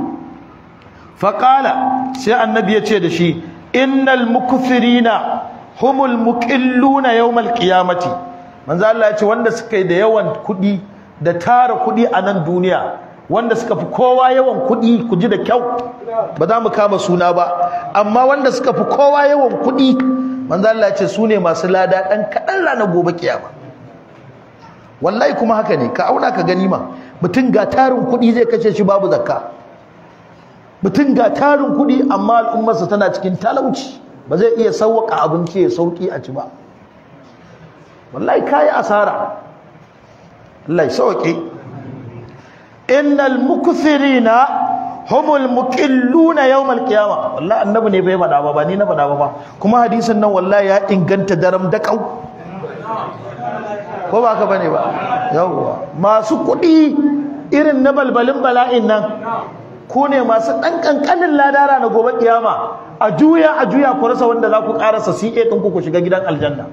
faqala sai annabi ya ce da shi innal mukfirina humul muqilluna yawmal qiyamati manzo Allah ya ce wanda suka yi da yawan kudi da tara kudi a nan duniya wanda suka fi kowa yawan kudi ku ji da kyau ba za mu kama suna ba amma wanda suka fi kowa yawan kudi manzo Allah ya ce su ne masu lada dan kadan ranar gobe kiyama wallahi kuma haka ne ka auna ka gani ma mutum ga tarin kuɗi zai kashe shi babu zakka mutum ga tarin kuɗi amma al'ummarsa tana cikin talauci ba zai iya sauwaka abinci ya sauki a ci ba wallahi kayi asara wallahi sauke innal mukthirina humul muqilluna yawmal qiyama wallahi annabi ne bai faɗa ba ba ni na faɗa ba kuma hadisin nan wallahi ya inganta daram daƙau ko ba ka bane ba yawwa masu kuɗi irin na balbalin bala'in nan ku ne masu ɗan ƙanƙanin ladara na gobe kiyama a juya a juya ku rasa wanda za ku ƙarasa CA din ku ku shiga gidan aljanna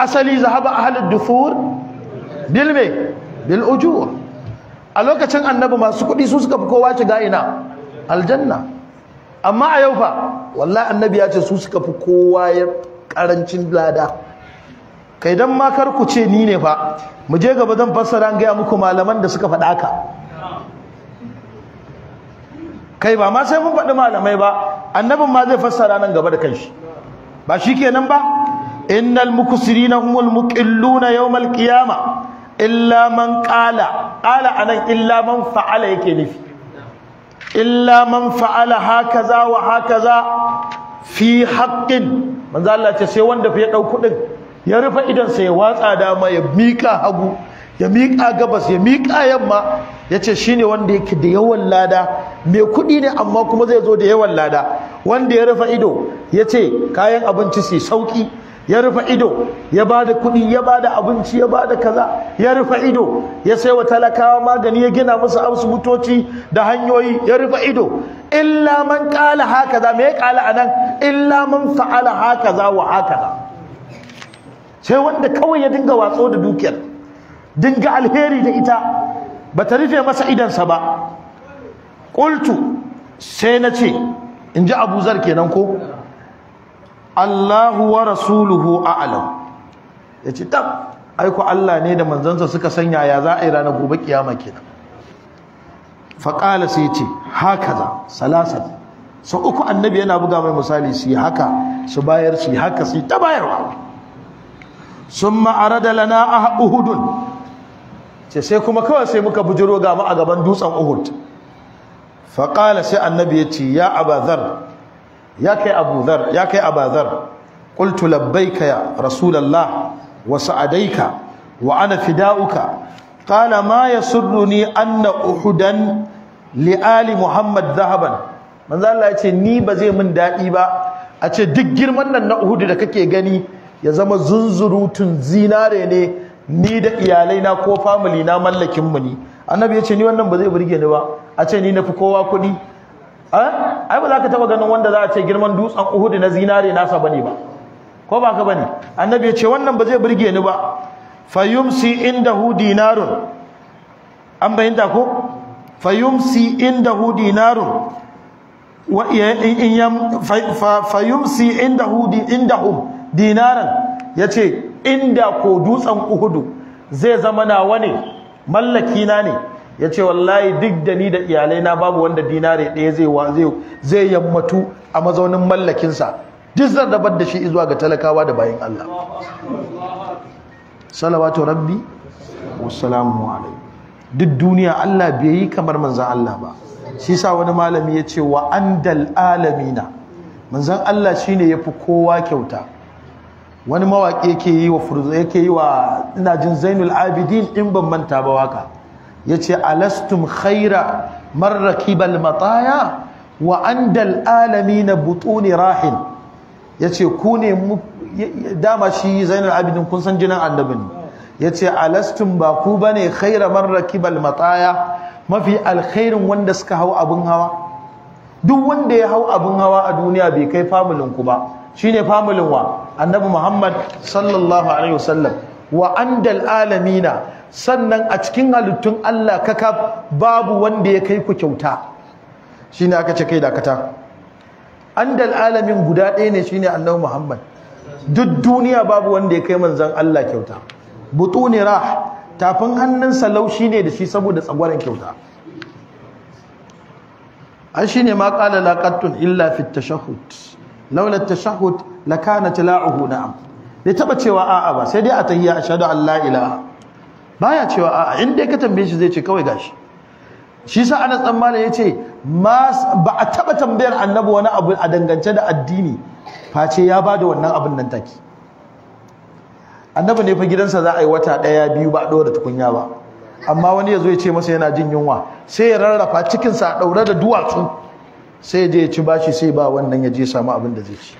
asali zahaba ahlud dufur bil me bil ujur a lokacin annabi masu kuɗi su suka fi kowa shiga ina aljanna amma a yau fa wallahi annabi ya ce su suka fi kowa ya ƙarancin lada kai don makar ku ce ni ne fa mu je gaba zan fassara an gaya muku malaman da suka faɗa ka kai ba ma sai mun faɗi malamai ba annabin ma zai fassara nan gaba da kanshi ba shi ke nan ba innal na humul muqilluna yau qiyama illa man ƙala qala anan illa man fa'ala yake nufi illa man fa'ala za wa haka za fi haƙƙin. manzala ce sai wanda fa ya dau ya rufe sai ya watsa dama ya miƙa hagu ya miƙa gabas ya miƙa yamma ya ce shi wanda yake da yawan lada mai kuɗi ne amma kuma zai zo da yawan lada wanda ya rufe ido ya ce kayan abinci sai sauƙi ya rufe ido ya ba da kuɗi ya ba da abinci ya ba da kaza ya rufe ido ya sai wa talakawa magani ya gina musu asibitoci da hanyoyi ya rufe ido illa man ƙala haka za me ya ƙala a illa man fa'ala haka za wa haka za sai wanda kawai ya dinga watso da dukiyar dinga alheri da ita ba ta rufe masa idansa ba ƙultu sai na ce in ji abu kenan ko allahu wa rasuluhu a'alam ya ce tab aiko allah ne da manzansa suka sanya ya za a yi ranar gobe kiyama kenan faƙala sai ce haka za salasar sau uku annabi yana buga mai misali su yi haka su bayar su yi haka su yi ta bayarwa sun ma'arada lana a ah uhudun ce sai kuma kawai sai muka bujiro ga mu a gaban dutsen uhud faƙala sai annabi ya ce ya abazar ya kai abuzar ya kai abazar ƙultu labbaika ya rasulallah wa sa'adaika wa ana fida'uka ƙala ma ya anna uhudan li'ali muhammad zahaban manzo Allah ya ce ni ba zai min daɗi ba a ce duk girman nan na uhudu da kake gani ya zama zunzurutun zinare ne ni da iyalai na ko family na mallakin mu ne annabi ya ce ni wannan ba zai burge ni ba a ce ni nafi kowa kuɗi ai ba za ka taba ganin wanda za a ce girman dutsen Uhud na zinare nasa bane ba ko ba ka bane annabi ya ce wannan ba zai burge ni ba fayumsi indahu dinarun an bayyanta ko fayumsi indahu dinarun wa in yam fayumsi indahu indahum dinaran ya ce inda ko dutsen uhudu zai zama na wani mallaki na ne ya ce wallahi duk da ni da iyalai na babu wanda dinare ɗaya zai zai yammatu a mazaunin mallakinsa duk zarrabar da shi zuwa ga talakawa da bayan Allah salawatu rabbi wassalamu alaikum duk duniya Allah bai yi kamar manzan Allah ba shi sa wani malami ya ce wa andal alamina manzan Allah shine yafi kowa kyauta wani mawaƙi yake yi wa furzo yake yi wa ina jin zainul abidin in ban manta ba waka ya ce alastum khaira kibal mataya wa andal alami na butuni rahin ya ce ku ne dama shi zainul abidin kun san jinin annabi ne ya ce alastum ba ku ba ne khaira kibal mataya mafi alkhairin wanda suka hau abin hawa duk wanda ya hau abin hawa a duniya bai kai famulinku ba shine famulin wa annabi Muhammad sallallahu alaihi wasallam wa andal alamina sannan a cikin halittun Allah kaka babu wanda ya kai ku kyauta ne aka ce kai dakata andal alamin guda ɗaya ne ne annabi Muhammad duk duniya babu wanda ya kai manzan Allah kyauta butuni rah tafin hannunsa laushi ne da shi saboda tsagwaran kyauta an shine ma qala laqatun illa fit laula tashahud lakana tilahu na'am bai taba cewa a'a ba sai dai a tahiyya ashhadu an la ilaha baya cewa a'a in dai ka tambaye shi zai ce kawai gashi shi sa Anas dan ya yace ba a taba tambayar Annabi wani abu a dangance da addini face ya bada wannan abin nan take Annabi ne fa gidansa za a yi wata daya biyu ba dora tukunya ba amma wani yazo ya ce masa yana jin yunwa sai ya rarrafa cikin sa daure da duwatsu sai je ya ci bashi sai ba wannan ya je samu abin da zai ci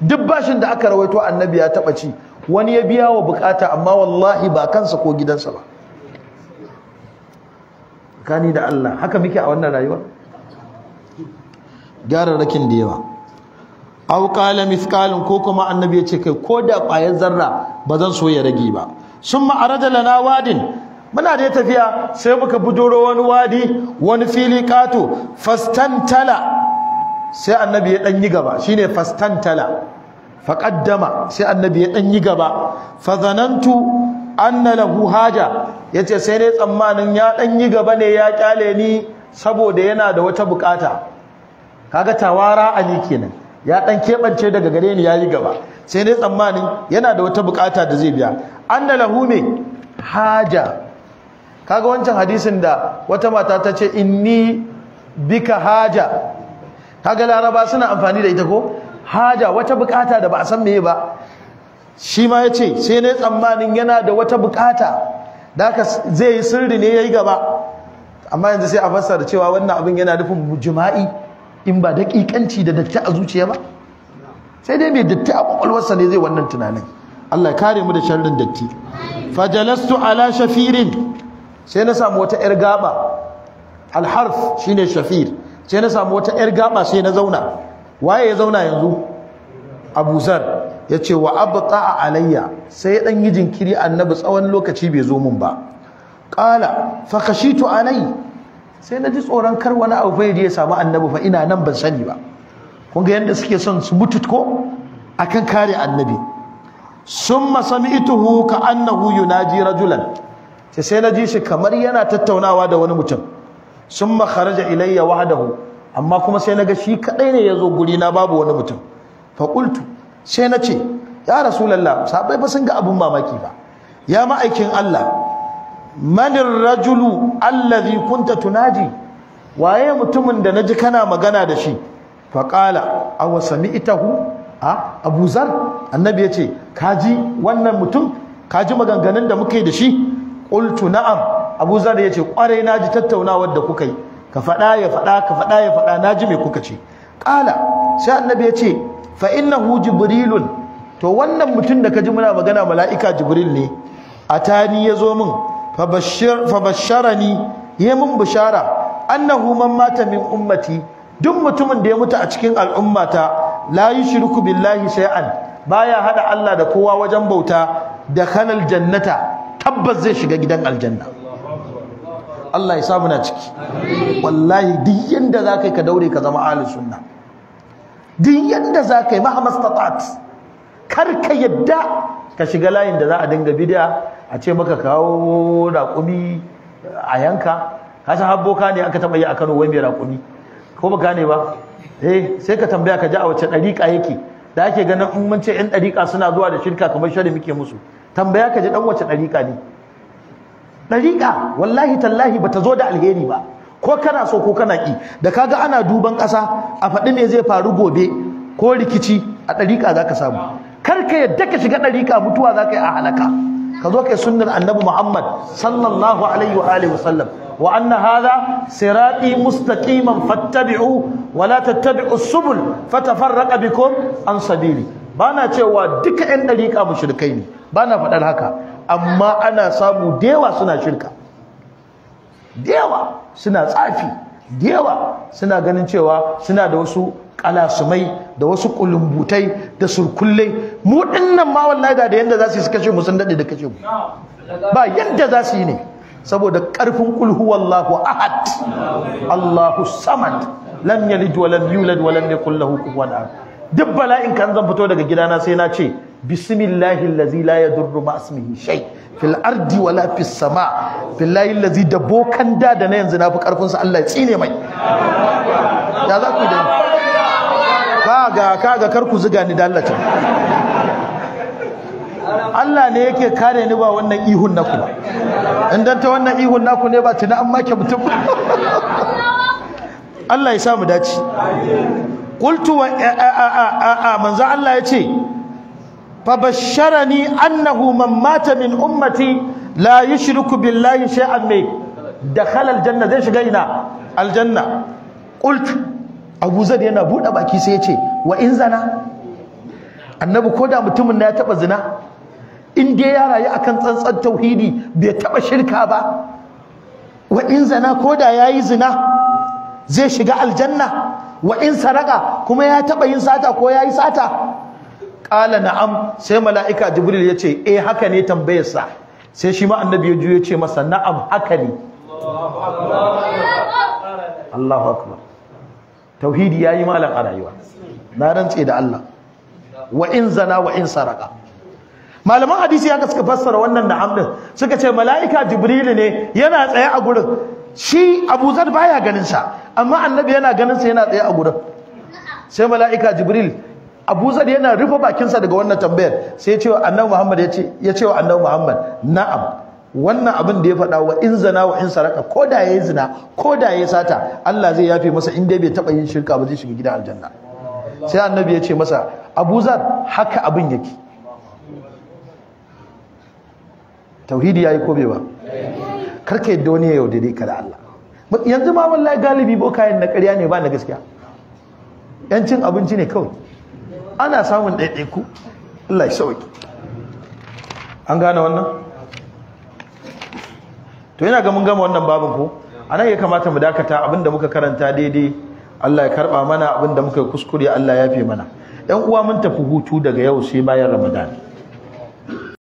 duk bashin da aka rawaito annabi ya taba ci wani ya biya wa bukata amma wallahi ba kansa ko gidansa ba kani da Allah haka muke a wannan rayuwa gyara rakin da yawa aw qala mithqalun ko kuma annabi ya ce kai ko da ƙwayar zarra ba zan so ya rage ba summa arada lana wadin muna da tafiya sai muka buduro wani wadi wani fili kato fastantala sai annabi ya ɗanyi gaba shine fastantala faƙaddama sai annabi ya ɗanyi gaba fazanantu na lahu haja yace sai ne tsammanin ya ɗanyi gaba ne ya ƙyale ni saboda yana da wata buƙata kaga tawara a ni kenan ya ɗan keɓance daga gare ni yayi gaba sai ne tsammanin yana da wata buƙata da zai biya na lahu me haja kaga wancan hadisin da wata mata ta ce inni bika haja kaga laraba suna amfani da ita ko haja wata bukata da ba a san meye ba shi ma ya ce sai ne tsammanin yana da wata bukata da haka zai yi sirri ne ya yi gaba amma yanzu sai a fassara cewa wannan abin yana nufin jima'i in ba daƙiƙanci da datti a zuciya ba sai dai mai datti a ƙwaƙwalwarsa ne zai wannan tunanin Allah ya kare mu da sharrin datti fajalastu ala shafirin sai na samu wata 'yar gaba alharf shine shafir sai na samu wata yar gaba sai na zauna waye ya zauna yanzu Abuzar. ya ce wa a alayya sai ya dan yi jinkiri annabi tsawon lokaci bai zo mun ba ƙala fakashi to alai sai na ji tsoron kar wani abu fai ya samu annabi fa ina nan ban sani ba kun ga yadda suke son su mutu ko akan kare annabi Sun summa hu ka annahu yunaji rajulan sai sai na ji shi kamar yana tattaunawa da wani mutum sun makaraja ilayya wahdahu amma kuma sai na ga shi kadai ne yazo guri na babu wani mutum Faƙultu sai sai nace ya rasulallah sabai fa sun ga abun mamaki ba ya ma'aikin Allah manir rajulu allazi kunta tunaji waye mutumin da na ji kana magana da shi faƙala qala aw sami'tahu a Abu Zar annabi yace kaji wannan mutum kaji maganganun da muke da shi ƙultu na'am abu zar ya ce kwarai na ji tattaunawar da kuka yi ka faɗa ya faɗa ka faɗa ya faɗa na ji me kuka ce ƙala sai annabi ya ce fa innahu jibrilun to wannan mutum da ka ji muna magana mala'ika jibril ne atani ya zo min fa ni ya min bishara annahu man mata min ummati duk mutumin da ya mutu a cikin al'ummata la yushriku billahi shay'an baya hada Allah da kowa wajen bauta da khalal jannata tabbas zai shiga gidan aljanna Allah ya sa muna ciki wallahi duk yanda za ka daure ka zama ahlus sunna duk yanda za ka yi kar ka yadda ka shiga layin da za a dinga bid'a a ce maka kawo raƙumi a yanka ka san habboka ne aka taba yi a Kano wai mai raƙumi ko ba gane ba eh sai ka tambaya ka ji a wace ɗarika yake da ake ganin in mun ce 'yan ɗarika suna zuwa da shirka kamar shari muke musu tambaya ka ji ɗan wace ɗarika ne ɗariƙa wallahi tallahi bata zo da alheri ba ko kana so ko kana ki da kaga ana duban ƙasa a faɗi me zai faru gobe ko rikici a ɗariƙa zaka samu kar ka yadda ka shiga ɗariƙa mutuwa zaka yi a halaka ka zo kai sunnar annabi Muhammad sallallahu alaihi wa alihi wasallam wa anna hadha sirati mustaqiman fattabi'u wa la tattabi'u subul fatafarraqa bikum an sabili bana cewa duka 'yan ɗariƙa mushrikai ne bana faɗar haka amma ana samu dewa suna shirka dewa suna tsafi dewa suna ganin cewa suna da wasu kalasumai da wasu kulumbutai da surkullai mu dinnan ma wallahi da da yanda zasu su kashe mu sun dade da kace mu ba yanda za yi ne saboda karfin kul wallahu ahad allahu samad lam yalid wa lam yulad wa lam yakul lahu kufuwan ahad duk bala'in kan zan fito daga gidana sai na ce بسم الله الذي لا يضر مع اسمه شيء في wala ولا في السماء بالله da دبوكن da da na yanzu na fi karfin sa Allah ya tsine mai ya za ku da زغاني kaga kar ku ziga ni da Allah ne yake kare ni ba wannan ihun naku in dan ta wannan ihun naku ne ba tuna an make mutum Allah ya sa mu dace qultu wa manzo Allah ya ce fabasharani annahu man mata min ummati la yushriku billahi shay'an mai dakhala aljanna zai shiga ina aljanna qult Abu Zar yana bude baki sai ya ce wa in zana annabi koda mutumin na ya taba zina in dai ya rayu akan tsantsan tauhidi bai taba shirka ba wa in zana koda yayi zina zai shiga aljanna wa in saraka kuma ya taba yin sata ko yayi sata ƙala na'am sai mala'ika jibril ya ce eh haka ne tambayarsa sai shi ma annabi ya juyo ce masa na'am haka ne Allahu akbar tauhidi yayi malam a rayuwa na rantse da Allah wa in zana wa in saraka malaman hadisi haka suka fassara wannan na'am din suka ce mala'ika jibril ne yana tsaye a gurin shi Abu Zar baya ganin sa amma annabi yana ganin sa yana tsaye a gurin sai mala'ika jibril Abu Zar yana rufe bakinsa daga wannan tambayar sai ya ce wa Annabi Muhammad ya ce ya ce wa Annabi Muhammad na'am wannan abin da ya faɗa wa in zana wa in saraka ko da yayi zina ko da yayi sata Allah zai yafe masa in dai bai taba yin shirka ba zai shiga gidan aljanna sai Annabi ya ce masa Abu Zar haka abin yake tauhidi yayi ko bai ba karka yadda wani yau yaudare ka da Allah yanzu ma wallahi galibi bokayen na ƙarya ne ba na gaskiya yancin abinci ne kawai ana samun ɗaiɗaiku Allah ya sauki an gane wannan to yana ga mun gama wannan babin ko anan ya kamata mu dakata abinda muka karanta daidai Allah ya karba mana abinda muka kuskure Allah ya yafe mana yan uwa mun tafi hutu daga yau sai bayan Ramadan